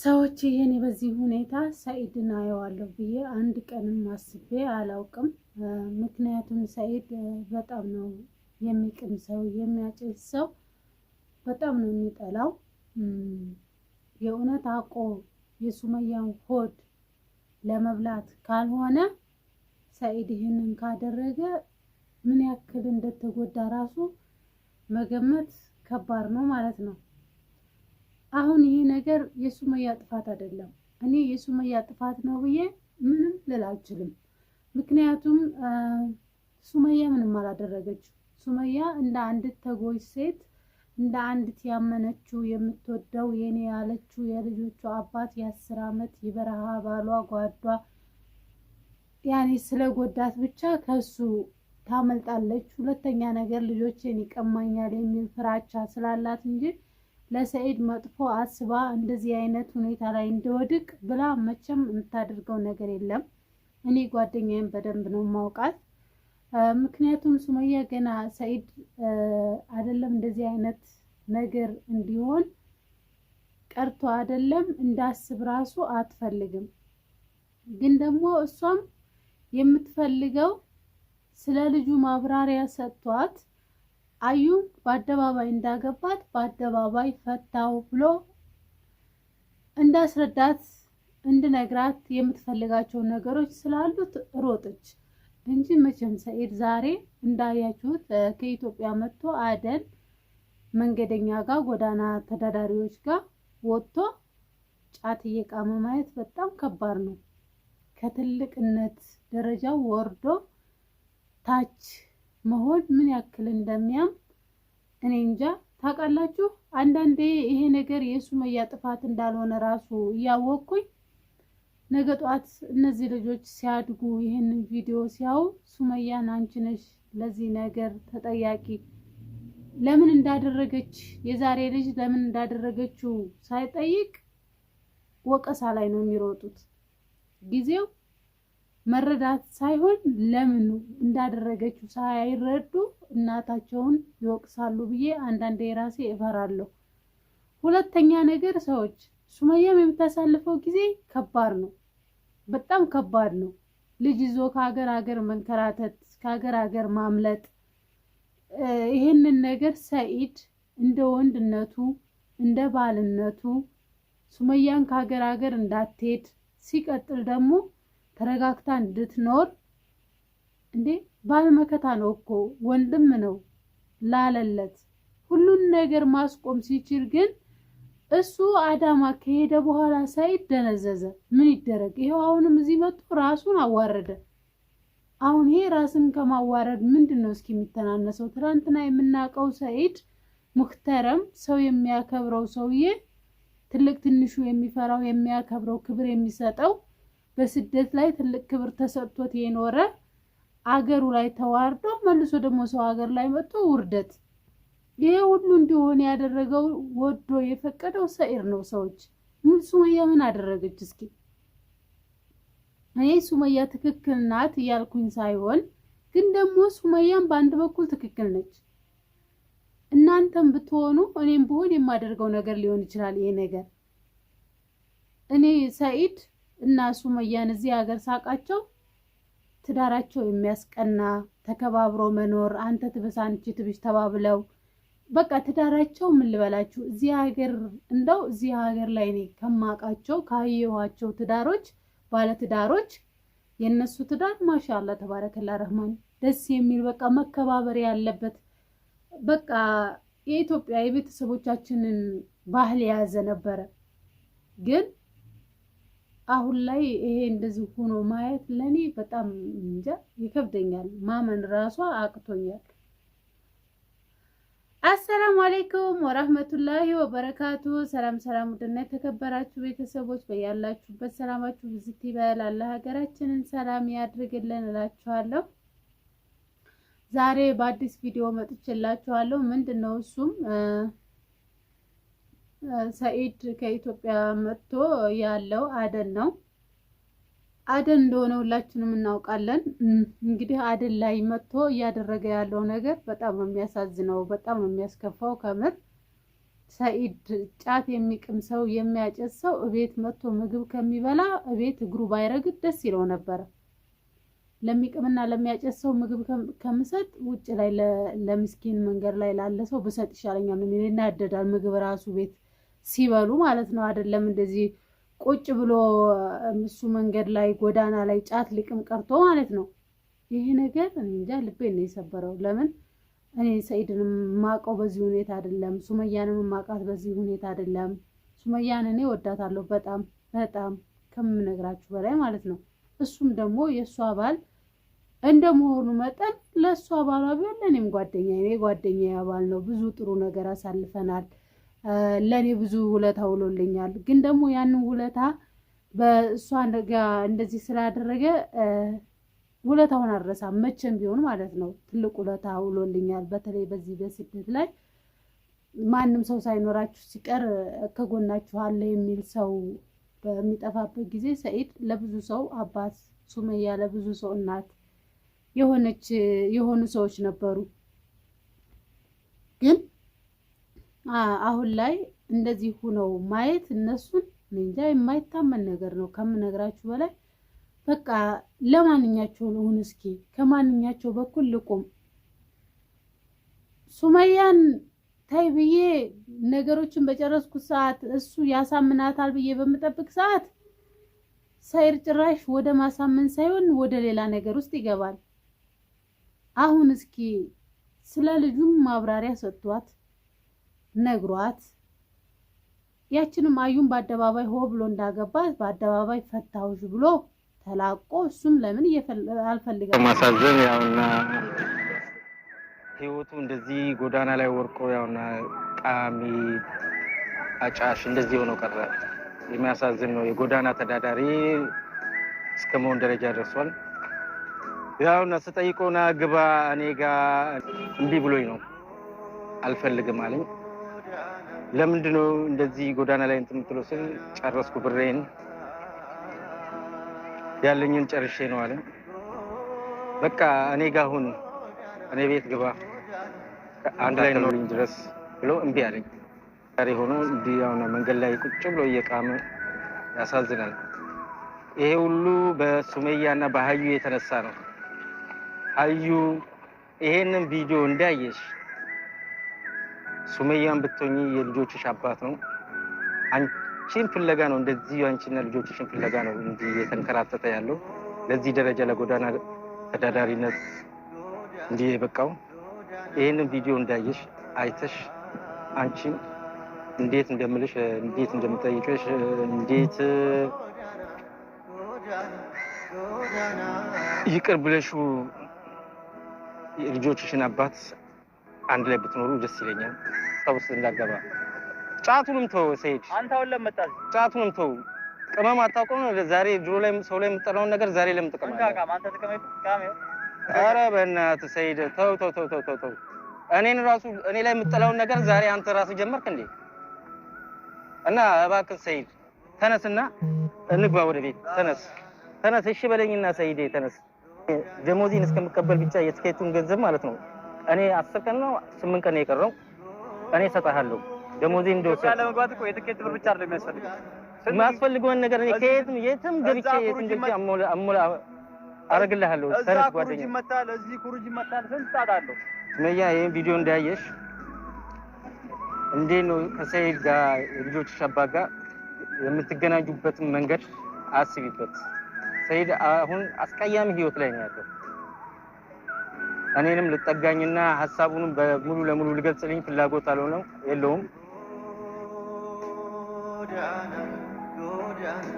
ሰዎች ይህን በዚህ ሁኔታ ሰኢድን አየዋለሁ ብዬ አንድ ቀንም አስቤ አላውቅም። ምክንያቱም ሰኢድ በጣም ነው የሚቅም ሰው፣ የሚያጭስ ሰው በጣም ነው የሚጠላው። የእውነት አቆ የሱመያን ሆድ ለመብላት ካልሆነ ሰኢድ ይህንን ካደረገ ምን ያክል እንደተጎዳ ራሱ መገመት ከባድ ነው ማለት ነው። አሁን ይሄ ነገር የሱመያ ጥፋት አይደለም። እኔ የሱመያ ጥፋት ነው ብዬ ምንም ልል አልችልም። ምክንያቱም ሱመያ ምንም አላደረገችው። ሱመያ እንደ አንዲት ተጎጂ ሴት እንደ አንዲት ያመነችው የምትወደው የኔ ያለችው የልጆቹ አባት የአስር ዓመት የበረሃ ባሏ ጓዷ ያኔ ስለ ጎዳት ብቻ ከሱ ታመልጣለች። ሁለተኛ ነገር ልጆቼን ይቀማኛል የሚል ፍራቻ ስላላት እንጂ ለሰኢድ መጥፎ አስባ እንደዚህ አይነት ሁኔታ ላይ እንደወድቅ ብላ መቼም የምታደርገው ነገር የለም። እኔ ጓደኛዬን በደንብ ነው ማውቃት። ምክንያቱም ሱመያ ገና ሰኢድ አይደለም እንደዚህ አይነት ነገር እንዲሆን ቀርቶ አይደለም እንዳስብ ራሱ አትፈልግም። ግን ደግሞ እሷም የምትፈልገው ስለ ልጁ ማብራሪያ ሰጥቷት አዩን በአደባባይ እንዳገባት በአደባባይ ፈታው ብሎ እንዳስረዳት እንድነግራት የምትፈልጋቸው ነገሮች ስላሉት ሮጠች እንጂ መቼም ሰኢድ ዛሬ እንዳያችሁት ከኢትዮጵያ መጥቶ አደን መንገደኛ ጋር ጎዳና ተዳዳሪዎች ጋር ወጥቶ ጫት እየቃመ ማየት በጣም ከባድ ነው። ከትልቅነት ደረጃው ወርዶ ታች መሆን ምን ያክል እንደሚያም እኔ እንጃ። ታውቃላችሁ አንዳንዴ ይሄ ነገር የሱመያ ጥፋት እንዳልሆነ ራሱ እያወቅኩኝ ነገ ጠዋት እነዚህ ልጆች ሲያድጉ ይህን ቪዲዮ ሲያዩ ሱመያን አንቺ ነሽ ለዚህ ነገር ተጠያቂ ለምን እንዳደረገች የዛሬ ልጅ ለምን እንዳደረገችው ሳይጠይቅ ወቀሳ ላይ ነው የሚሮጡት ጊዜው መረዳት ሳይሆን ለምን እንዳደረገችው ሳይረዱ እናታቸውን ይወቅሳሉ ብዬ አንዳንዴ የራሴ እፈራለሁ። ሁለተኛ ነገር ሰዎች ሱመያም የምታሳልፈው ጊዜ ከባድ ነው፣ በጣም ከባድ ነው። ልጅ ይዞ ከሀገር ሀገር መንከራተት፣ ከሀገር ሀገር ማምለጥ። ይህንን ነገር ሰኢድ እንደ ወንድነቱ እንደ ባልነቱ ሱመያን ከሀገር ሀገር እንዳትሄድ ሲቀጥል ደግሞ ተረጋግታ እንድትኖር እንዴ ባልመከታ ነው እኮ ወንድም ነው ላለለት ሁሉን ነገር ማስቆም ሲችል ግን እሱ አዳማ ከሄደ በኋላ ሳይደነዘዘ ምን ይደረግ? ይኸው አሁንም እዚህ መጥቶ ራሱን አዋረደ። አሁን ይሄ ራስን ከማዋረድ ምንድን ነው እስኪ የሚተናነሰው? ትናንትና የምናውቀው ሰይድ ሙህተረም ሰው የሚያከብረው ሰውዬ ትልቅ ትንሹ የሚፈራው የሚያከብረው ክብር የሚሰጠው በስደት ላይ ትልቅ ክብር ተሰጥቶት የኖረ አገሩ ላይ ተዋርዶ መልሶ ደግሞ ሰው ሀገር ላይ መጥቶ ውርደት። ይሄ ሁሉ እንዲሆን ያደረገው ወዶ የፈቀደው ሰኢድ ነው። ሰዎች ምን ሱመያ ምን አደረገች? እስኪ እኔ ሱመያ ትክክል ናት እያልኩኝ ሳይሆን ግን ደግሞ ሱመያም በአንድ በኩል ትክክል ነች። እናንተም ብትሆኑ እኔም ብሆን የማደርገው ነገር ሊሆን ይችላል። ይሄ ነገር እኔ ሰኢድ እና ሱመያን እዚህ ሀገር ሳቃቸው ትዳራቸው የሚያስቀና ተከባብሮ መኖር አንተ ትብስ አንቺ ትብሽ ተባብለው በቃ ትዳራቸው ምን ልበላችሁ እዚህ ሀገር እንደው እዚህ ሀገር ላይ እኔ ከማቃቸው ካየኋቸው ትዳሮች ባለ ትዳሮች የእነሱ ትዳር ማሻላ ተባረከላ ረህማን ደስ የሚል በቃ መከባበር ያለበት በቃ የኢትዮጵያ የቤተሰቦቻችንን ባህል የያዘ ነበረ ግን አሁን ላይ ይሄ እንደዚህ ሆኖ ማየት ለእኔ በጣም እንጃ ይከብደኛል፣ ማመን ራሷ አቅቶኛል። አሰላሙ አሌይኩም ወራህመቱላሂ ወበረካቱ። ሰላም ሰላም፣ ውድና የተከበራችሁ ቤተሰቦች በያላችሁበት ሰላማችሁ ብዝት ይበል። አላህ ሀገራችንን ሰላም ያድርግልን እላችኋለሁ። ዛሬ በአዲስ ቪዲዮ መጥቼላችኋለሁ። ምንድን ነው እሱም ሰኢድ ከኢትዮጵያ መጥቶ ያለው አደን ነው። አደን እንደሆነ ሁላችንም እናውቃለን። እንግዲህ አደን ላይ መጥቶ እያደረገ ያለው ነገር በጣም ነው የሚያሳዝነው፣ በጣም ነው የሚያስከፋው። ከምር ሰኢድ ጫት የሚቅም ሰው የሚያጨስ ሰው እቤት መጥቶ ምግብ ከሚበላ እቤት እግሩ ባይረግጥ ደስ ይለው ነበረ። ለሚቅምና ለሚያጨስ ሰው ምግብ ከምሰጥ ውጭ ላይ ለምስኪን መንገድ ላይ ላለ ሰው ብሰጥ ይሻለኛል። ይናደዳል ምግብ ራሱ ቤት ሲበሉ ማለት ነው። አይደለም እንደዚህ ቁጭ ብሎ እሱ መንገድ ላይ ጎዳና ላይ ጫት ልቅም ቀርቶ ማለት ነው። ይሄ ነገር እንጃ ልቤን ነው የሰበረው። ለምን እኔ ሰኢድንም ማቀው በዚህ ሁኔታ አይደለም። ሱመያንም ማቃት በዚህ ሁኔታ አይደለም። ሱመያን እኔ ወዳታለሁ በጣም በጣም ከምነግራችሁ በላይ ማለት ነው። እሱም ደግሞ የእሷ ባል እንደመሆኑ መጠን ለእሷ ባሏ ቢሆን ለእኔም ጓደኛ ጓደኛ ያባል ነው። ብዙ ጥሩ ነገር አሳልፈናል። ለእኔ ብዙ ውለታ ውሎልኛል። ግን ደግሞ ያንን ውለታ በእሷ እንደዚህ ስላደረገ ውለታውን አረሳ መቼም ቢሆን ማለት ነው። ትልቅ ውለታ ውሎልኛል። በተለይ በዚህ በስደት ላይ ማንም ሰው ሳይኖራችሁ ሲቀር ከጎናችሁ አለ የሚል ሰው በሚጠፋበት ጊዜ ሰኢድ ለብዙ ሰው አባት፣ ሱመያ ለብዙ ሰው እናት የሆነች የሆኑ ሰዎች ነበሩ ግን አሁን ላይ እንደዚህ ሁነው ማየት እነሱን እንጃ የማይታመን ነገር ነው ከምነግራችሁ በላይ በቃ ለማንኛቸው ልሁን እስኪ ከማንኛቸው በኩል ልቁም ሱመያን ታይ ብዬ ነገሮችን በጨረስኩት ሰዓት እሱ ያሳምናታል ብዬ በምጠብቅ ሰዓት ሰይር ጭራሽ ወደ ማሳመን ሳይሆን ወደ ሌላ ነገር ውስጥ ይገባል። አሁን እስኪ ስለ ልጁም ማብራሪያ ሰጥቷት ነግሯት ያችንም አዩን በአደባባይ ሆ ብሎ እንዳገባት በአደባባይ ፈታሁሽ ብሎ ተላቆ እሱም ለምን አልፈልጋም ማሳዘን ያውና ህይወቱ እንደዚህ ጎዳና ላይ ወርቆ ያውና ቃሚ አጫሽ እንደዚህ ሆኖ ቀረ። የሚያሳዝን ነው። የጎዳና ተዳዳሪ እስከ መሆን ደረጃ ደርሷል። ያውና ስጠይቆና ግባ እኔ ጋ እንዲህ ብሎኝ ነው አልፈልግም አለኝ። ለምንድነው እንደዚህ ጎዳና ላይ እንትን የምትለው ስል ጨረስኩ ብሬን ያለኝን ጨርሼ ነው አለ። በቃ እኔ ጋ ሁን፣ እኔ ቤት ግባ፣ አንድ ላይ ኖርኝ ድረስ ብሎ እምቢ አለኝ። ዛሬ ሆኖ እንዲህ መንገድ ላይ ቁጭ ብሎ እየቃመ ያሳዝናል። ይሄ ሁሉ በሱሜያና በሀዩ የተነሳ ነው። ሀዩ ይሄንን ቪዲዮ እንዳየሽ ሱመያን ብትሆኚ የልጆችሽ አባት ነው። አንቺን ፍለጋ ነው እንደዚህ አንቺና ልጆችሽን ፍለጋ ነው እንጂ የተንከራተተ ያለው ለዚህ ደረጃ ለጎዳና ተዳዳሪነት እንዲህ የበቃው። ይህንን ቪዲዮ እንዳየሽ አይተሽ አንቺን እንዴት እንደምልሽ እንዴት እንደምጠይቀሽ እንዴት ይቅር ብለሹ የልጆችሽን አባት አንድ ላይ ብትኖሩ ደስ ይለኛል። አስታውስ እንዳገባ ጫቱንም ተው ሰይድ፣ አንተ አሁን ለምጣዝ ጫቱንም ተው። ቅመም አታውቅም። ዛሬ ድሮ ላይ ሰው ላይ የምጠላውን ነገር ዛሬ ላይ የምጠቀመው ኧረ በእናትህ ሰይድ ተው ተው ተው ተው ተው። እኔን ራሱ እኔ ላይ የምጠላውን ነገር ዛሬ አንተ ራስህ ጀመርክ እንዴ? እና እባክህ ሰይድ ተነስና እንግባ ወደ ቤት። ተነስ ተነስ፣ እሺ በለኝና ሰይድ ተነስ። ደሞዜን እስከምቀበል ብቻ የትኬቱን ገንዘብ ማለት ነው እኔ አስር ቀን ነው ስምንት ቀን የቀረው እኔ እሰጥሃለሁ። ደሞዜ እንደወሰደ ለመግባት እኮ የትኬት ብር ብቻ አይደለም የሚያስፈልገው የማስፈልገውን ነገር እኔ ከየትም የትም ገብቼ የትም ገብቼ አሞላ አሞላ አረግልሃለሁ። ጓደኛ እዚህ ኩሩጅ መጣል እዚህ ኩሩጅ መጣል ስንት አጣለሁ መያ ይሄን ቪዲዮ እንዳየሽ እንዴት ነው ከሰይድ ጋር ልጆችሽ አባት ጋር የምትገናኙበትን መንገድ አስቢበት። ሰይድ አሁን አስቀያሚ ህይወት ላይ ነው ያለው። እኔንም ልጠጋኝና ሀሳቡንም በሙሉ ለሙሉ ልገልጽልኝ ፍላጎት አልሆነም የለውም። ጎዳና ጎዳና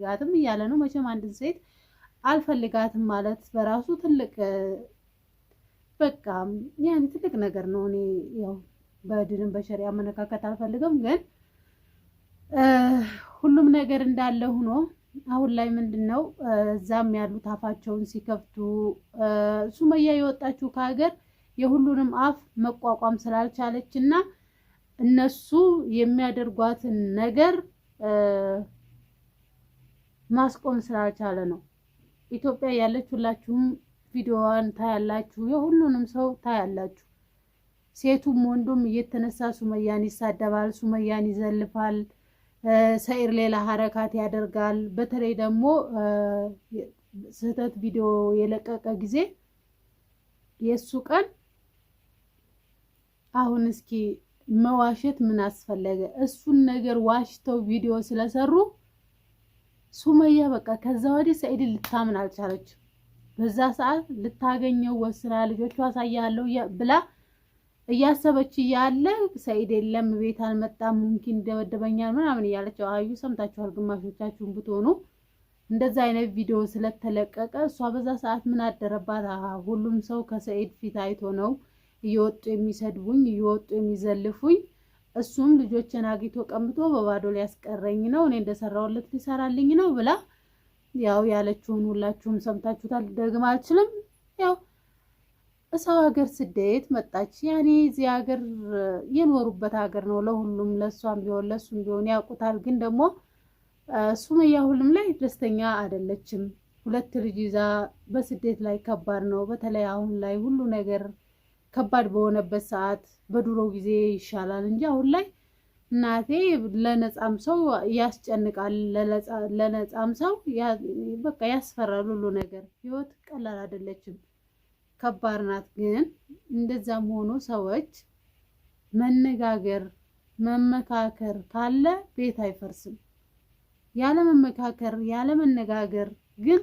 አልፈልጋትም እያለ ነው። መቼም አንድን ሴት አልፈልጋትም ማለት በራሱ ትልቅ በቃ ያን ትልቅ ነገር ነው። እኔ ያው በድንም በሸሪ አመለካከት አልፈልግም፣ ግን ሁሉም ነገር እንዳለ ሆኖ አሁን ላይ ምንድን ነው እዛም ያሉት አፋቸውን ሲከፍቱ ሱመያ የወጣችው ከሀገር የሁሉንም አፍ መቋቋም ስላልቻለች እና እነሱ የሚያደርጓትን ነገር ማስቆም ስላልቻለ ነው። ኢትዮጵያ ያለች ሁላችሁም ቪዲዮዋን ታያላችሁ፣ የሁሉንም ሰው ታያላችሁ። ሴቱም ወንዱም እየተነሳ ሱመያን ይሳደባል፣ ሱመያን ይዘልፋል፣ ሰኢር ሌላ ሀረካት ያደርጋል። በተለይ ደግሞ ስህተት ቪዲዮ የለቀቀ ጊዜ የእሱ ቀን አሁን እስኪ መዋሸት ምን አስፈለገ? እሱን ነገር ዋሽተው ቪዲዮ ስለሰሩ ሱመያ በቃ ከዛ ወዲህ ሰኢድን ልታምን አልቻለች። በዛ ሰዓት ልታገኘው ወስና ልጆቹ አሳያለሁ ብላ እያሰበች እያለ ሰኢድ የለም ቤት አልመጣም፣ ሙምኪን ደበደበኛል ምናምን እያለች አዩ። ሰምታችኋል ግማሾቻችሁን ብትሆኑ እንደዛ አይነት ቪዲዮ ስለተለቀቀ እሷ በዛ ሰዓት ምን አደረባት? ሁሉም ሰው ከሰኢድ ፊት አይቶ ነው እየወጡ የሚሰድቡኝ እየወጡ የሚዘልፉኝ እሱም ልጆችን አግኝቶ ቀምቶ በባዶ ሊያስቀረኝ ነው፣ እኔ እንደሰራሁለት ሊሰራልኝ ነው ብላ ያው ያለችውን ሁላችሁም ሰምታችሁታል። ደግማ አልችልም። ያው እሰው ሀገር ስደት መጣች። ያኔ እዚህ ሀገር የኖሩበት ሀገር ነው። ለሁሉም ለእሷም ቢሆን ለእሱም ቢሆን ያውቁታል። ግን ደግሞ ሱመያ ሁሉም ላይ ደስተኛ አይደለችም። ሁለት ልጅ ይዛ በስደት ላይ ከባድ ነው። በተለይ አሁን ላይ ሁሉ ነገር ከባድ በሆነበት ሰዓት በድሮ ጊዜ ይሻላል እንጂ አሁን ላይ እናቴ ለነፃም ሰው ያስጨንቃል፣ ለነፃም ሰው በቃ ያስፈራል። ሁሉ ነገር ህይወት ቀላል አይደለችም፣ ከባድ ናት። ግን እንደዛም ሆኖ ሰዎች መነጋገር መመካከር ካለ ቤት አይፈርስም። ያለ መመካከር ያለ መነጋገር ግን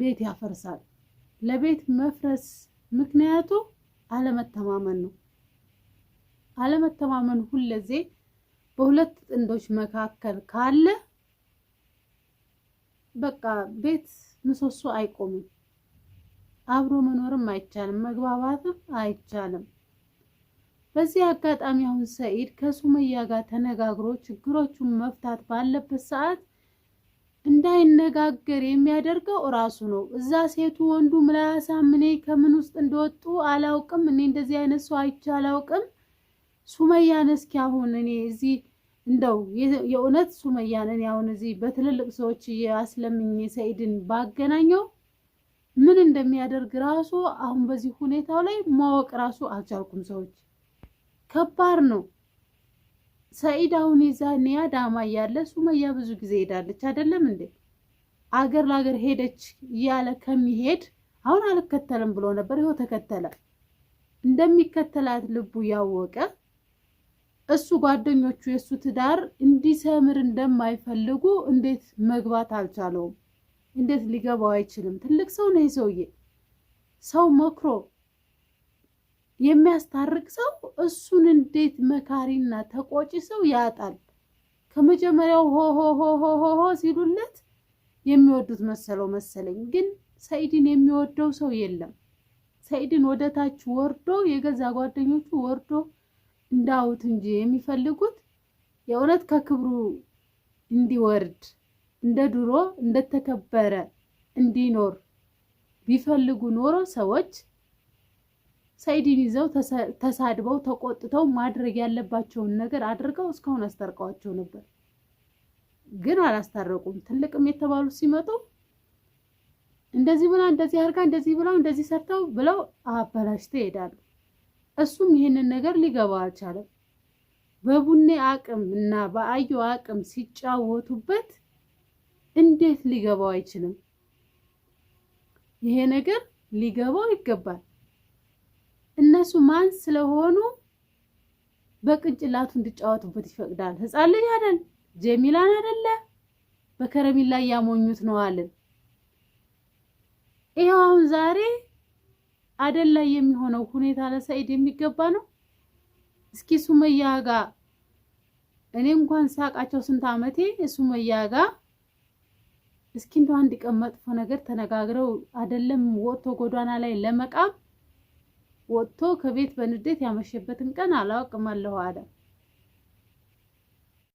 ቤት ያፈርሳል። ለቤት መፍረስ ምክንያቱ አለመተማመን ነው። አለመተማመን ሁልጊዜ በሁለት ጥንዶች መካከል ካለ በቃ ቤት ምሰሶ አይቆምም። አብሮ መኖርም አይቻልም፣ መግባባትም አይቻልም። በዚህ አጋጣሚ አሁን ሰኢድ ከሱመያ ጋር ተነጋግሮ ችግሮቹን መፍታት ባለበት ሰዓት እንዳይነጋገር የሚያደርገው ራሱ ነው። እዛ ሴቱ ወንዱ ምላሳ ምኔ ከምን ውስጥ እንደወጡ አላውቅም። እኔ እንደዚህ አይነት ሰው አይቼ አላውቅም። ሱመያን እስኪ አሁን እኔ እዚህ እንደው የእውነት ሱመያን እኔ አሁን እዚህ በትልልቅ ሰዎች አስለምኝ ሰኢድን ባገናኘው ምን እንደሚያደርግ ራሱ አሁን በዚህ ሁኔታው ላይ ማወቅ ራሱ አልቻልኩም። ሰዎች ከባድ ነው። ሰኢድ አሁን የዛኔ አዳማ እያለ ሱመያ ብዙ ጊዜ ሄዳለች አይደለም እንዴ? አገር ለአገር ሄደች እያለ ከሚሄድ አሁን አልከተልም ብሎ ነበር። ይኸው ተከተለ። እንደሚከተላት ልቡ ያወቀ እሱ ጓደኞቹ የእሱ ትዳር እንዲሰምር እንደማይፈልጉ እንዴት መግባት አልቻለውም? እንዴት ሊገባው አይችልም? ትልቅ ሰው ነው ሰውዬ። ሰው መክሮ የሚያስታርቅ ሰው እሱን እንዴት መካሪና ተቆጪ ሰው ያጣል። ከመጀመሪያው ሆሆሆሆሆ ሲሉለት የሚወዱት መሰለው መሰለኝ። ግን ሰኢድን የሚወደው ሰው የለም። ሰኢድን ወደ ታች ወርዶ የገዛ ጓደኞቹ ወርዶ እንዳውት እንጂ የሚፈልጉት የእውነት ከክብሩ እንዲወርድ እንደ ድሮ እንደተከበረ እንዲኖር ቢፈልጉ ኖሮ ሰዎች ሰኢድን ይዘው ተሳድበው ተቆጥተው ማድረግ ያለባቸውን ነገር አድርገው እስካሁን አስታርቀዋቸው ነበር፣ ግን አላስታረቁም። ትልቅም የተባሉ ሲመጡ እንደዚህ ብላ እንደዚህ አድርጋ እንደዚህ ብላ እንደዚህ ሰርተው ብለው አበላሽተው ይሄዳሉ። እሱም ይህንን ነገር ሊገባ አልቻለም። በቡኔ አቅም እና በአዩ አቅም ሲጫወቱበት እንዴት ሊገባው አይችልም? ይሄ ነገር ሊገባው ይገባል። እነሱ ማን ስለሆኑ በቅንጭላቱ እንዲጫወቱበት ይፈቅዳል። ህፃን ልጅ አይደል? ጀሚላን አይደለ? በከረሜላ እያሞኙት ነው አለን። ይኸው አሁን ዛሬ አደል ላይ የሚሆነው ሁኔታ ለሰኢድ የሚገባ ነው። እስኪ ሱመያ ጋ እኔ እንኳን ሳቃቸው ስንት አመቴ ሱመያ ጋ እስኪ እንደው አንድ ቀን መጥፎ ነገር ተነጋግረው አይደለም ወጥቶ ጎዳና ላይ ለመቃም ወጥቶ ከቤት በንዴት ያመሸበትን ቀን አላውቅም አለሁ አለ።